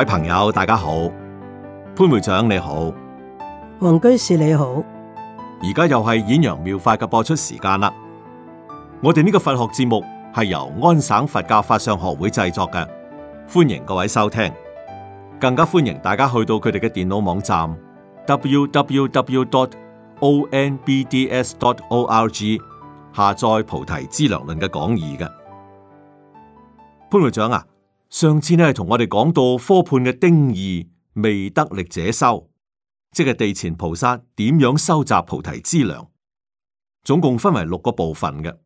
各位朋友，大家好，潘會長你好，黃居士你好，而家又係《演揚妙法》嘅播出時間啦。我哋呢個佛學節目係由安省佛教法相學會製作嘅，歡迎各位收聽，更加歡迎大家去到佢哋嘅電腦網站 www.onbds.org 下載《菩提資糧論》嘅講義嘅。潘會長啊！上次咧係同我哋講到科判嘅丁義，未得力者收，即係地前菩薩點樣收集菩提之糧，總共分為六個部分嘅。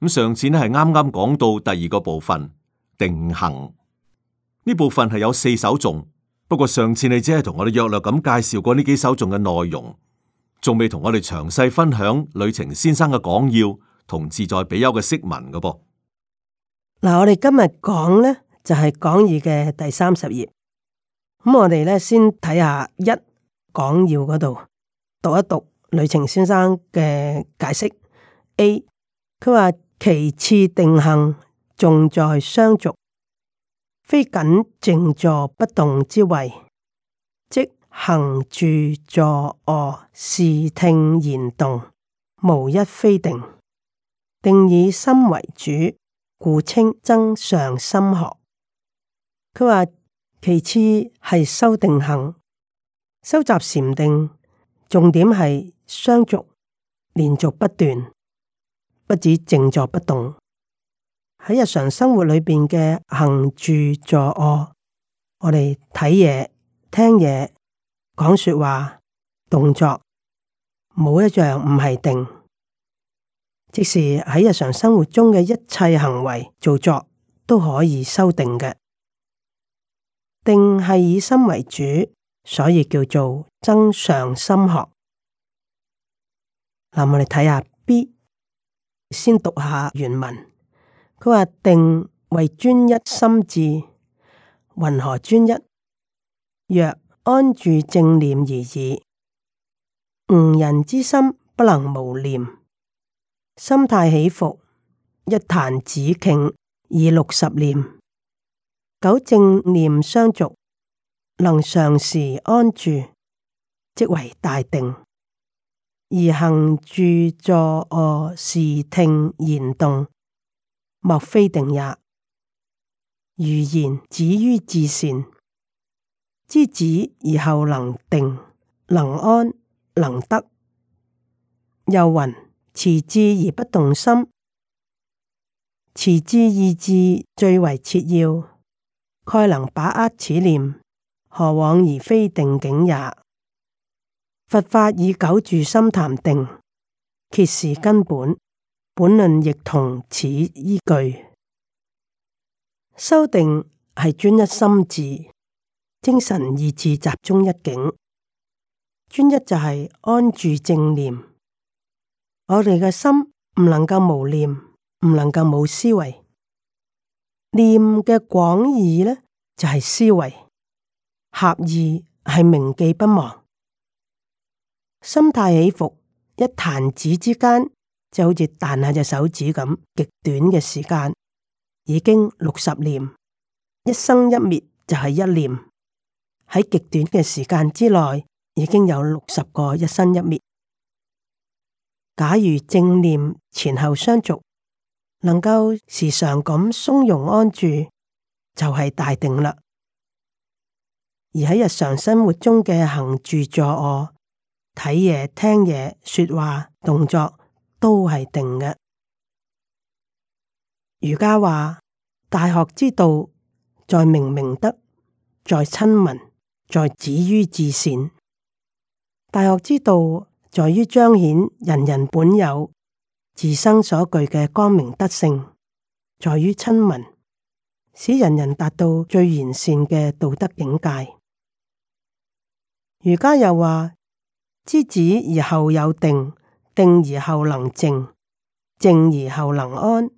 咁上次咧係啱啱講到第二個部分定行呢部分係有四首頌，不過上次你只係同我哋約略咁介紹過呢幾首頌嘅內容，仲未同我哋詳細分享呂澄先生嘅講要同自在比丘嘅釋文嘅噃。嗱，我哋今日講咧就係、是、講義嘅第三十頁，咁、嗯、我哋咧先睇下一講要嗰度讀一讀呂澄先生嘅解釋。A，佢話其次定行，重在相續，非僅靜坐不動之謂，即行住坐卧視聽言動，無一非定。定以心為主。故稱增上心學。佢話其次係修定行，修習禪定，重點係相續連續不斷，不止靜坐不動，喺日常生活裏邊嘅行住坐臥，我哋睇嘢、聽嘢、講說話、動作，冇一樣唔係定。即是喺日常生活中嘅一切行為、做作都可以修定嘅。定係以心為主，所以叫做增上心學。嗱，我哋睇下 B，先讀下原文。佢話定為專一心智，云何專一？若安住正念而已，吾人之心不能無念。心態起伏，一彈指頃已六十年，九正念相續，能常時安住，即為大定。而行住坐臥，視聽言動，莫非定也？如言止於至善，知止而後能定，能安，能得。又云。持志而不動心，持志意志最為切要，概能把握此念，何往而非定境也？佛法以久住心談定，揭示根本，本論亦同此依據。修定係專一心志，精神意志集中一境，專一就係安住正念。我哋嘅心唔能夠無念，唔能夠冇思維。念嘅廣義呢，就係、是、思維，狹義係銘記不忘。心態起伏，一彈指之間，就好似彈下隻手指咁，極短嘅時間已經六十念，一生一滅就係一念，喺極短嘅時間之內已經有六十個一生一滅。假如正念前後相續，能夠時常咁松容安住，就係、是、大定啦。而喺日常生活中嘅行住坐臥、睇嘢、聽嘢、說話、動作，都係定嘅。儒家話：大學之道，在明明德，在親民，在止於至善。大學之道。在於彰顯人人本有自生所具嘅光明德性，在於親民，使人人達到最完善嘅道德境界。儒家又話：知止而後有定，定而後能靜，靜而後能安，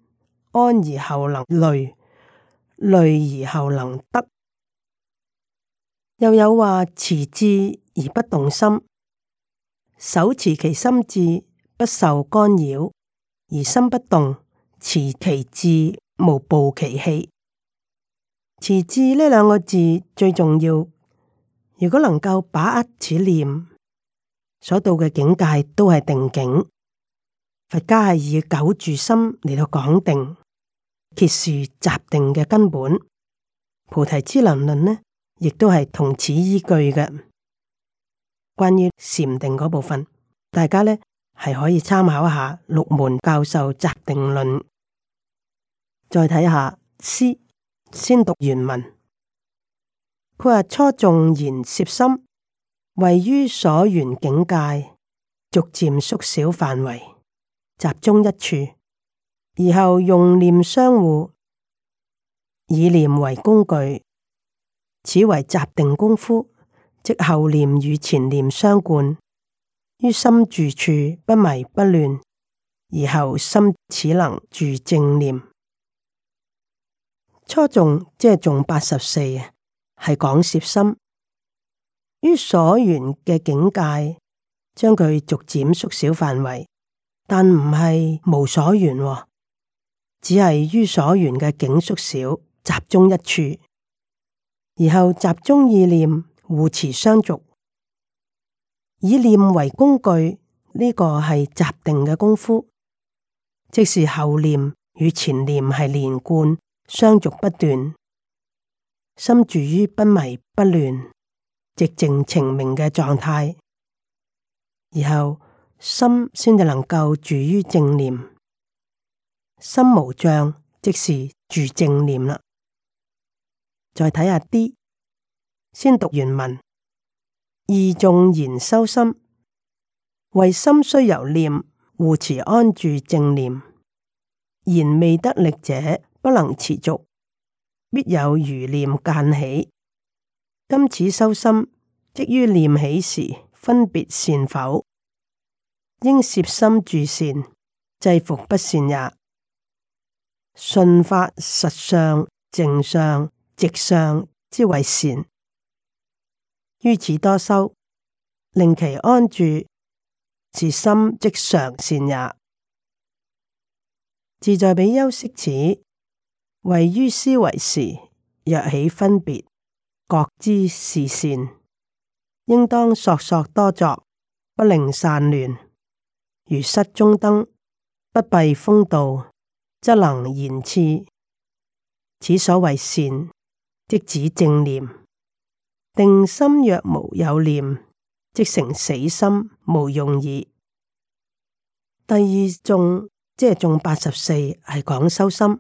安而後能慮，慮而後能得。又有話持志而不動心。手持其心志，不受干擾，而心不動，持其志，無暴其氣。持志呢兩個字最重要，如果能夠把握此念，所到嘅境界都係定境。佛家係以九住心嚟到講定，揭示集定嘅根本。菩提資糧論呢，亦都係同此依據嘅。關於禪定嗰部分，大家呢係可以參考下六門教授習定論，再睇下詩先讀原文。佢話初眾緣攝心，位於所緣境界，逐漸縮小範圍，集中一處，而後用念相互，以念為工具，此為習定功夫。即後念與前念相貫，於心住處不迷不亂，而後心只能住正念。初眾即係眾八十四啊，係講攝心於所緣嘅境界，將佢逐漸縮小範圍，但唔係無所緣，哦，只係於所緣嘅境縮小，集中一處，而後集中意念。互持相續，以念為工具，呢個係集定嘅功夫，即是後念與前念係連貫相續不斷，心住於不迷不亂，直靜澄明嘅狀態，然後心先至能夠住於正念，心無障，即是住正念啦。再睇下啲。先讀原文，義重言修心，為心須由念護持安住正念，言未得力者不能持續，必有餘念間起。今此修心，即於念起時分別善否，應攝心住善，制服不善也。順法實相、正相、直相之為善。於此多修，令其安住，是心即常善也。自在比休息此，唯於思維時若起分別，覺知是善，應當索索多作，不令散亂。如失中燈，不避風道，則能言次。此所謂善，即指正念。定心若無有念，即成死心無用矣。第二頌即係頌八十四，係、就是、講修心。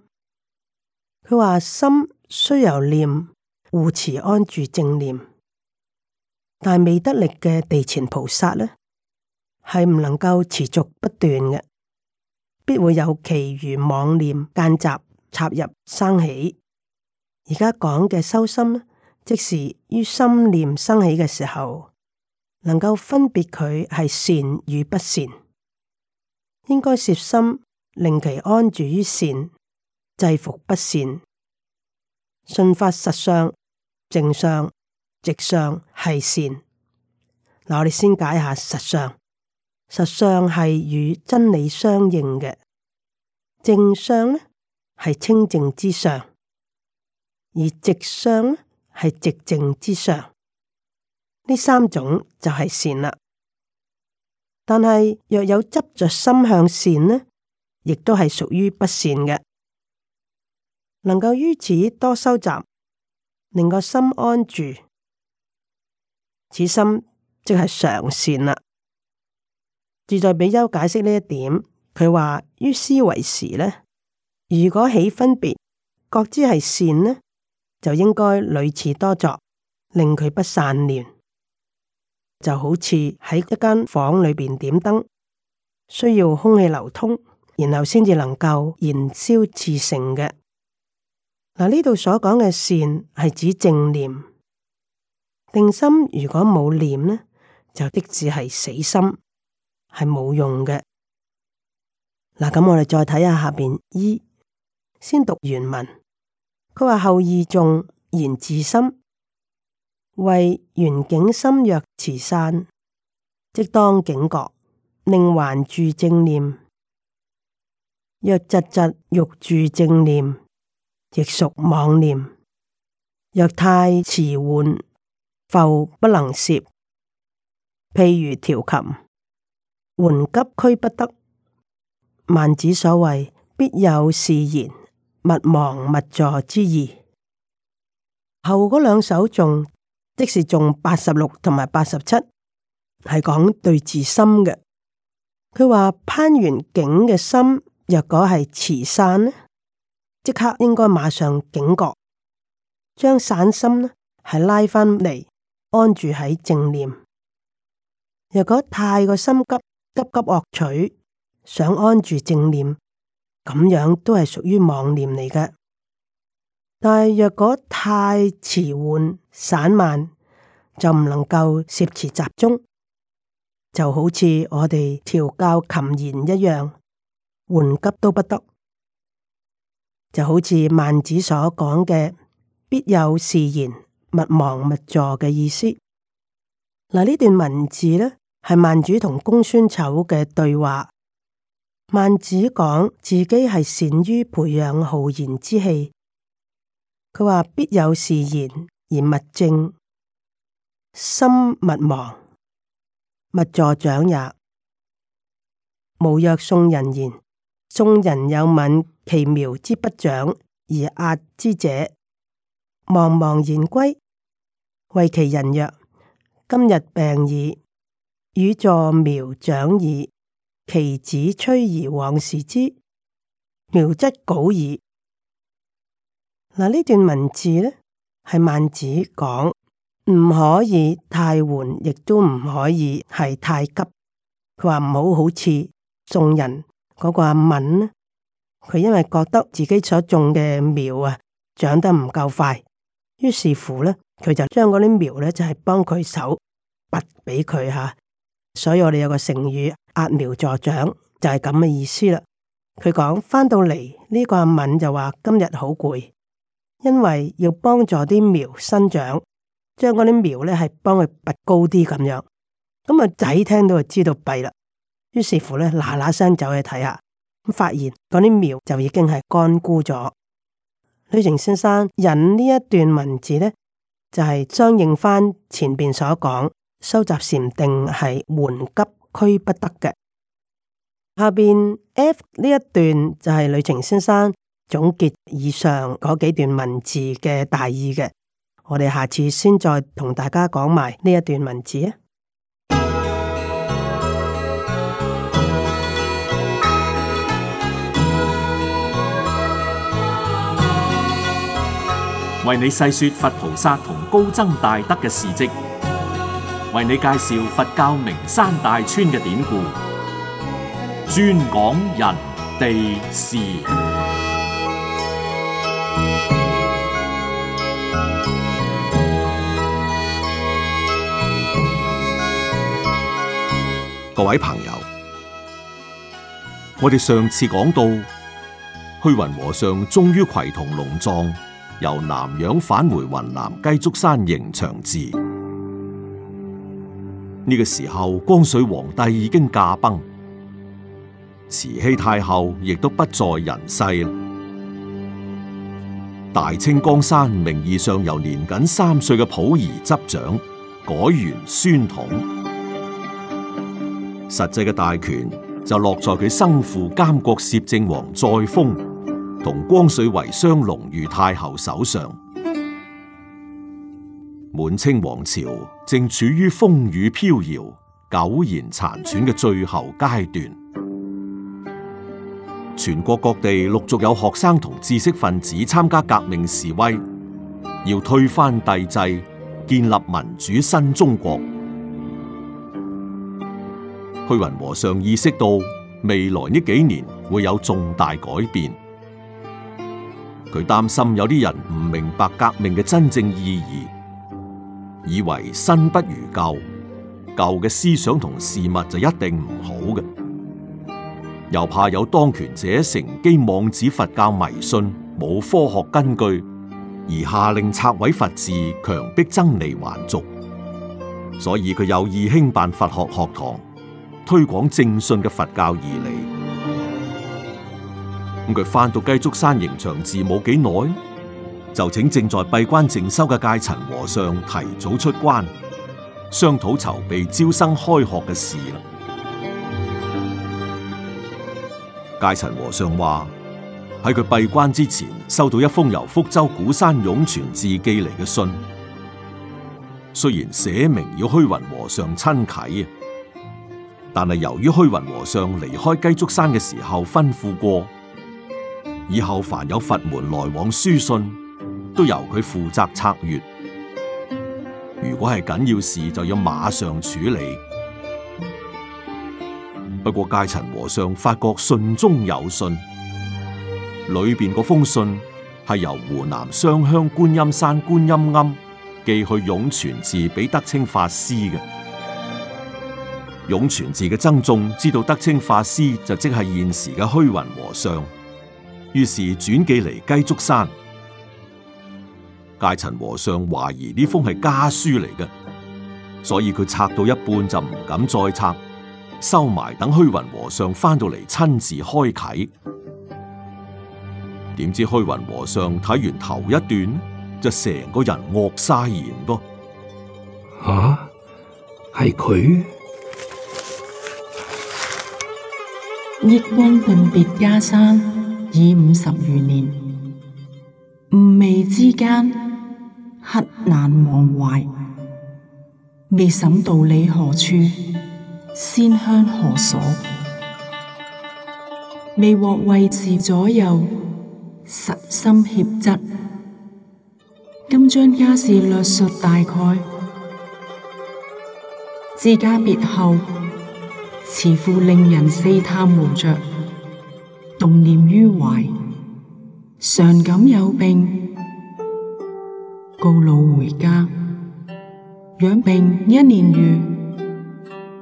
佢話心雖有念護持安住正念，但未得力嘅地前菩薩呢，係唔能夠持續不斷嘅，必會有其餘妄念間雜插入生起。而家講嘅修心呢？即時於心念生起嘅時候，能夠分別佢係善與不善，應該攝心令其安住於善，制服不善。信法實相、正相、直相係善。嗱，我哋先解下實相。實相係與真理相應嘅，正相咧係清淨之相，而直相係寂靜之上，呢三種就係善啦。但係若有執着心向善呢，亦都係屬於不善嘅。能夠於此多收集，令個心安住，此心即係常善啦。自在比丘解釋呢一點，佢話於思維時呢，如果起分別，覺知係善呢，就應該屢次多作，令佢不散念，就好似喺一間房裏邊點燈，需要空氣流通，然後先至能夠燃燒自成嘅。嗱、啊，呢度所講嘅善係指正念定心，如果冇念呢，就的只係死心，係冇用嘅。嗱、啊，咁我哋再睇下下邊一，先讀原文。佢話後意重，言自深，為緣境深若馳散，即當警覺，令還住正念；若窒窒欲住正念，亦屬妄念；若太遲緩，浮不能攝，譬如調琴，緩急驅不得。萬子所謂，必有是言。勿忘勿助之意，後嗰兩首頌，即是頌八十六同埋八十七，係講對治心嘅。佢話攀緣境嘅心，若果係馳散呢，即刻應該馬上警覺，將散心呢係拉翻嚟安住喺正念。若果太過心急，急急惡取，想安住正念。咁樣都係屬於妄念嚟嘅，但係若果太遲緩散漫，就唔能夠攝持集中，就好似我哋調教琴弦一樣，緩急都不得，就好似孟子所講嘅必有事焉，勿忘勿助嘅意思。嗱，呢段文字呢，係孟子同公孫丑嘅對話。萬子講自己係善於培養浩然之氣，佢話必有事焉而勿正，心勿忘，勿助長也。無若宋人言，宋人有閔其苗之不長而揠之者，芒芒言歸，謂其人曰：今日病矣，予助苗長矣。其子趨而往視之，苗則槁矣。嗱，呢段文字咧係孟子講，唔可以太緩，亦都唔可以係太急。佢話唔好好似眾人嗰個阿敏，佢因為覺得自己所種嘅苗啊，長得唔夠快，於是乎咧，佢就將嗰啲苗咧就係幫佢手拔俾佢吓。所以我哋有個成語拔苗助長，就係咁嘅意思啦。佢講翻到嚟呢、這個阿敏就話今日好攰，因為要幫助啲苗生長，將嗰啲苗呢係幫佢拔高啲咁樣。咁啊仔聽到就知道弊啦。於是乎呢，嗱嗱聲走去睇下，咁發現嗰啲苗就已經係乾枯咗。呂澄先生引呢一段文字呢，就係、是、相應翻前面所講。收集禪定係緩急驅不得嘅。下邊 F 呢一段就係呂澄先生總結以上嗰幾段文字嘅大意嘅。我哋下次先再同大家講埋呢一段文字啊。為你細說佛菩薩同高僧大德嘅事迹。為你介紹佛教名山大川嘅典故，專講人地事。各位朋友，我哋上次講到，虛雲和尚終於携同龍藏由南洋返回雲南雞足山迎祥寺。呢個時候，光緒皇帝已經駕崩，慈禧太后亦都不在人世啦。大清江山名義上由年僅三歲嘅溥儀執掌，改元宣統，實際嘅大權就落在佢生父監國攝政王載灃同光緒遺孀隆裕太后手上。滿清王朝正處於風雨飄搖、苟延殘喘嘅最後階段，全國各地陸續有學生同知識分子參加革命示威，要推翻帝制，建立民主新中國。虛雲和尚意識到未來呢幾年會有重大改變，佢擔心有啲人唔明白革命嘅真正意義。以為新不如舊，舊嘅思想同事物就一定唔好嘅，又怕有當權者乘機妄指佛教迷信，冇科學根據，而下令拆毀佛寺，強迫僧尼還俗，所以佢有意興辦佛學學堂，推廣正信嘅佛教義理。咁佢返到雞足山迎祥寺冇幾耐，就請正在閉關靜修嘅戒塵和尚提早出關，商討籌備招生開學嘅事啦。戒塵和尚話：喺佢閉關之前，收到一封由福州鼓山湧泉寺寄嚟嘅信。雖然寫明要虛雲和尚親啟，但係由於虛雲和尚離開雞足山嘅時候吩咐過，以後凡有佛門來往書信。都由佢負責拆閱。如果係緊要事，就要馬上處理。不過，戒塵和尚發覺信中有信，裏邊嗰封信係由湖南雙鄉觀音山觀音庵寄去湧泉寺俾德清法師嘅。湧泉寺嘅僧眾知道德清法師就即係現時嘅虛雲和尚，於是轉寄嚟雞足山。介塵和尚懷疑呢封係家書嚟嘅，所以佢拆到一半就唔敢再拆，收埋等虛雲和尚翻到嚟親自開啟。點知虛雲和尚睇完頭一段，就成個人惡晒言噃，吓係佢。熱溫頓別家山已五十餘年，吾未之間。刻難忘懷，未審道理何處，仙鄉何所？未獲慰慈左右，實心協質。今將家事略述大概，自家別後，慈父令人四探無着，動念於懷，常感有病。告老回家養病一年餘，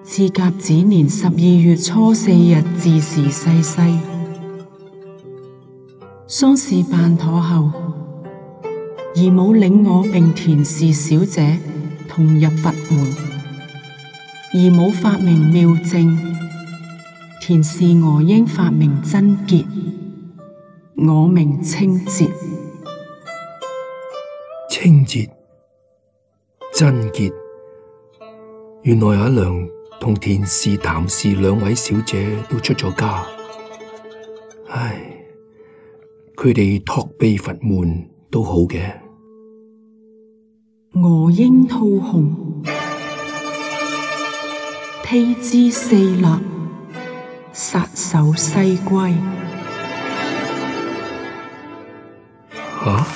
至甲子年十二月初四日子時逝世，世。喪事辦妥後，姨母領我並田氏小姐同入佛門。姨母法名妙淨，田氏我應法名真潔，我名清節。清節貞潔，原來阿娘同田氏、譚氏兩位小姐都出咗家，唉，佢哋托庇佛門都好嘅。鵝英吐紅，披枝四立，殺手西歸，吓、啊。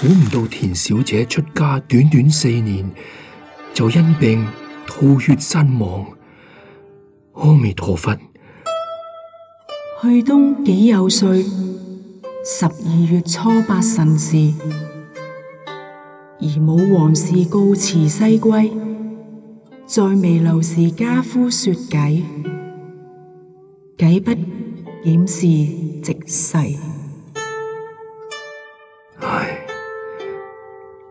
估唔到田小姐出家短短四年，就因病吐血身亡。阿彌陀佛。去冬己酉歲十二月初八辰時，姨母王氏告辭西歸，再未留時家夫說偈：，偈不掩飾直逝。係。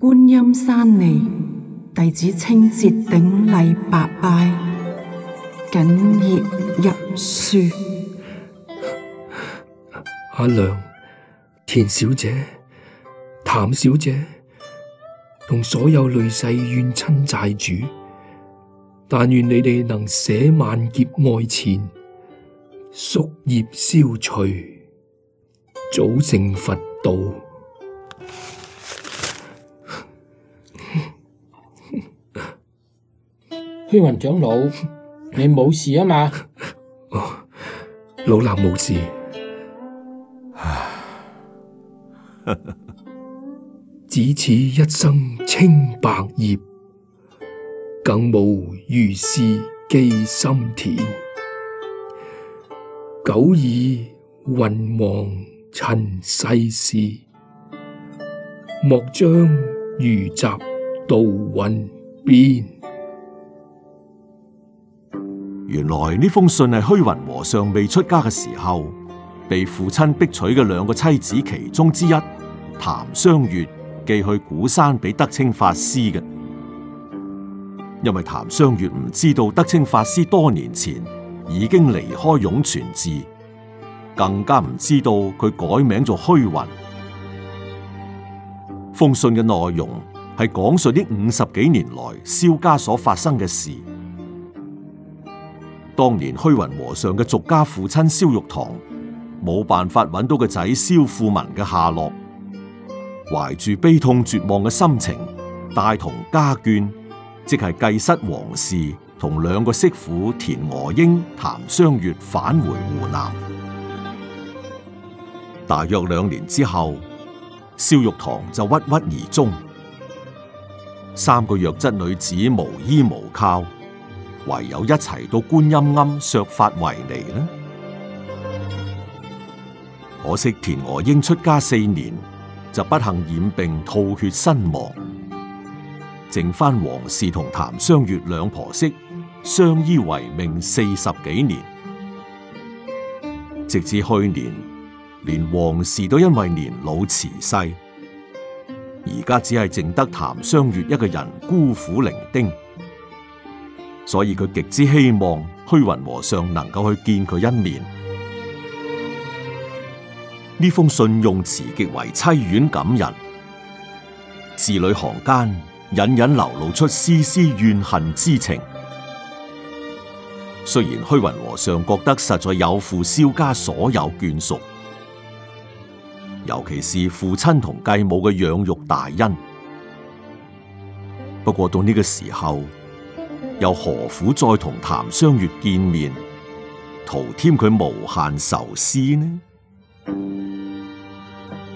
觀音山尼弟子清節頂禮，八拜謹葉入書：阿良、啊、田小姐、譚小姐同所有累世怨親債主，但願你哋能捨萬劫愛纏，宿業消除，早成佛道。虛雲長老，你冇事啊嘛？老衲冇事。只此一生清白業，更無如是寄心田。久已渾忘塵世事，莫將如雜渡雲邊。原來呢封信係虛雲和尚未出家嘅時候，被父親逼娶嘅兩個妻子其中之一譚湘月寄去鼓山俾德清法師嘅，因為譚湘月唔知道德清法師多年前已經離開湧泉寺，更加唔知道佢改名做虛雲。封信嘅內容係講述呢五十幾年來蕭家所發生嘅事。當年虛雲和尚嘅俗家父親蕭玉堂，冇辦法揾到個仔蕭富民嘅下落，懷住悲痛絕望嘅心情，帶同家眷，即係繼室黃氏同兩個媳婦田娥英、譚湘月，返回湖南。大約兩年之後，蕭玉堂就鬱鬱而終，三個弱質女子無依無靠。唯有一齊到觀音庵削髮為尼啦。可惜田娥英出家四年，就不幸染病吐血身亡。剩翻，王氏同譚湘月兩婆媳相依為命四十幾年，直至去年，連王氏都因為年老辭世，而家只係剩得譚湘月一個人孤苦伶仃。所以佢極之希望虛雲和尚能夠去見佢一面。呢封信用詞極為凄婉感人，字裏行間隱隱流露出絲絲怨恨之情。雖然虛雲和尚覺得實在有負蕭家所有眷屬，尤其是父親同繼母嘅養育大恩，不過到呢個時候。又何苦再同譚雙月見面，徒添佢無限愁思呢？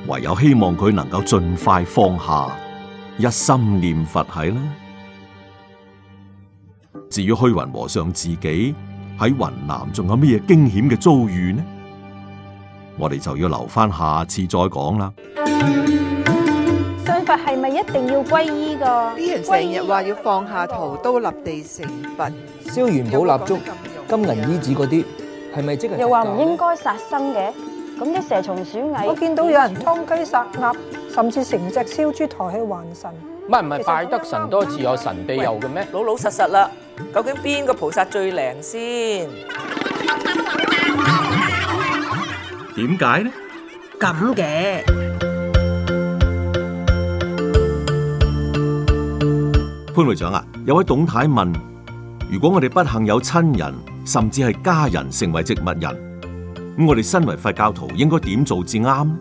唯有希望佢能夠盡快放下，一心念佛係啦。至於虛雲和尚自己喺雲南仲有咩驚險嘅遭遇呢？我哋就要留翻下，下次再講啦。佛係咪一定要皈依噶？啲人成日話要放下屠刀立地成佛，燒元寶蠟燭、金銀衣紙嗰啲，係咪即係？又話唔應該殺生嘅，咁啲蛇蟲鼠蟻，我見到有人劏雞殺鴨，甚至成隻燒豬抬去還神。唔係唔係，拜得神多自有神庇佑嘅咩？老老實實啦，究竟邊個菩薩最靈先？點解呢？咁嘅。潘會長啊，有位董太問：如果我哋不幸有親人，甚至係家人成為植物人，咁我哋身為佛教徒應該點做至啱？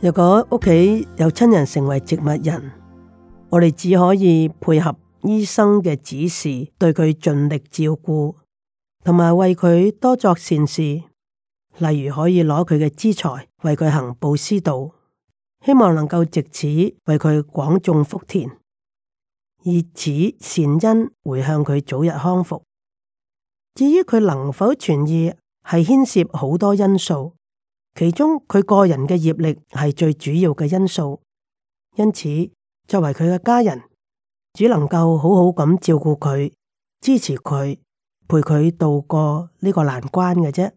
若果屋企有親人成為植物人，我哋只可以配合醫生嘅指示，對佢盡力照顧，同埋為佢多作善事，例如可以攞佢嘅資財為佢行布施道，希望能夠借此為佢廣種福田。而此善因會向佢早日康復。至於佢能否痊愈，係牽涉好多因素，其中佢個人嘅業力係最主要嘅因素。因此，作為佢嘅家人，只能夠好好咁照顧佢、支持佢，陪佢度過呢個難關嘅啫。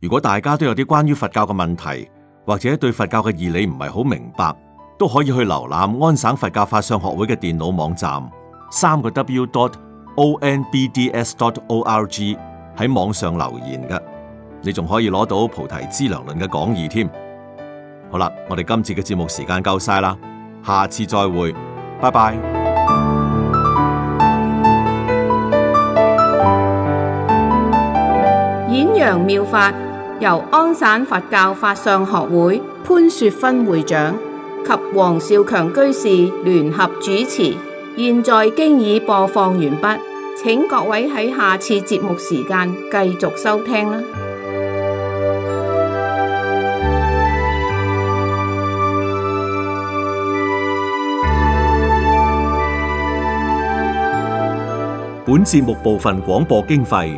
如果大家都有啲關於佛教嘅問題，或者對佛教嘅義理唔係好明白。都可以去瀏覽安省佛教法相學會嘅電腦網站，三個 w.dot o n b d s.dot o r g 喺網上留言噶，你仲可以攞到菩提資糧論嘅講義添。好啦，我哋今次嘅節目時間夠晒啦，下次再會，拜拜。演揚妙法由安省佛教法相學會潘雪芬會長。及黃少強居士聯合主持，現在經已播放完畢，請各位喺下次節目時間繼續收聽啦。本節目部分廣播經費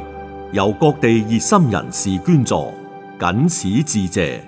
由各地熱心人士捐助，僅此致謝。